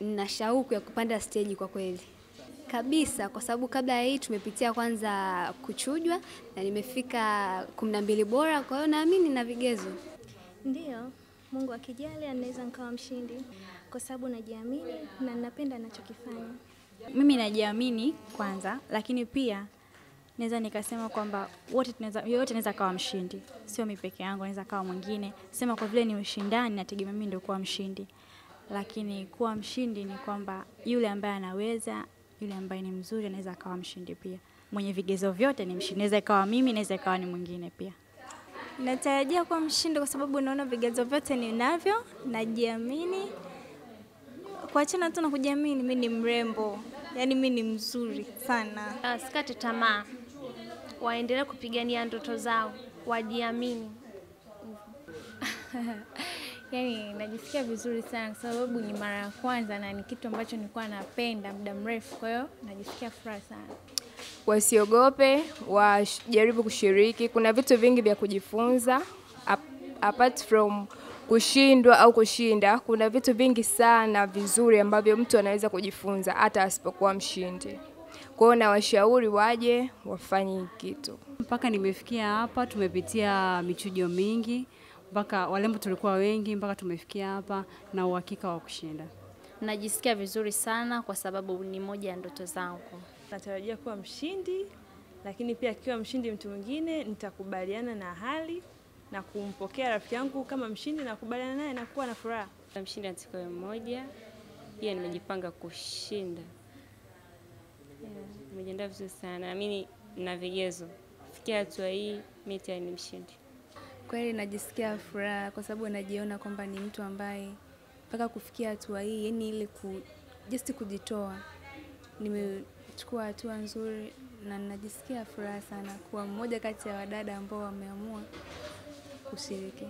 nina shauku ya kupanda steji kwa kweli kabisa, kwa sababu kabla ya hii tumepitia kwanza kuchujwa na nimefika kumi na mbili bora, kwa hiyo naamini na vigezo. Ndiyo, Mungu akijali anaweza nikawa mshindi, kwa sababu najiamini na ninapenda nachokifanya. Mimi najiamini kwanza, lakini pia naweza nikasema kwamba wote tunaweza, yoyote naweza kawa mshindi, sio mi peke yangu, naweza kawa mwingine. Sema kwa vile ni ushindani, nategemea mimi ndio kuwa mshindi lakini kuwa mshindi ni kwamba yule ambaye anaweza, yule ambaye ni mzuri anaweza akawa mshindi pia. Mwenye vigezo vyote ni mshindi, naweza ikawa mimi, naweza ikawa ni mwingine pia. Natarajia kuwa mshindi kwa sababu naona vigezo vyote ninavyo, najiamini. Kuachana tu na kujiamini, mi ni mrembo, yaani mi ni mzuri sana. Uh, ah, sikate tamaa, waendelee kupigania ndoto zao, wajiamini. yani najisikia vizuri sana kwa sababu ni mara ya kwanza na ni kitu ambacho nilikuwa napenda muda mrefu, kwa hiyo najisikia furaha sana. Wasiogope, wajaribu kushiriki. Kuna vitu vingi vya kujifunza apart from kushindwa au kushinda. Kuna vitu vingi sana vizuri ambavyo mtu anaweza kujifunza hata asipokuwa mshindi. Kwa hiyo nawashauri waje wafanye kitu. Mpaka nimefikia hapa, tumepitia michujo mingi mpaka walembo tulikuwa wengi mpaka tumefikia hapa na uhakika wa kushinda. Najisikia vizuri sana kwa sababu ni moja ya ndoto zangu. Natarajia kuwa mshindi, lakini pia akiwa mshindi mtu mwingine, nitakubaliana na hali na kumpokea rafiki yangu kama mshindi, nakubaliana naye na kuwa na furaha. Mshindi na mmoja, pia nimejipanga kushinda. Nimejiandaa vizuri sana, naamini na vigezo. fikia hatua hii, mita tayari ni mshindi. Kweli najisikia furaha kwa sababu najiona kwamba ni mtu ambaye mpaka kufikia hatua hii, yani ile ku, just kujitoa, nimechukua hatua nzuri na najisikia furaha sana kuwa mmoja kati ya wadada ambao wameamua kushiriki.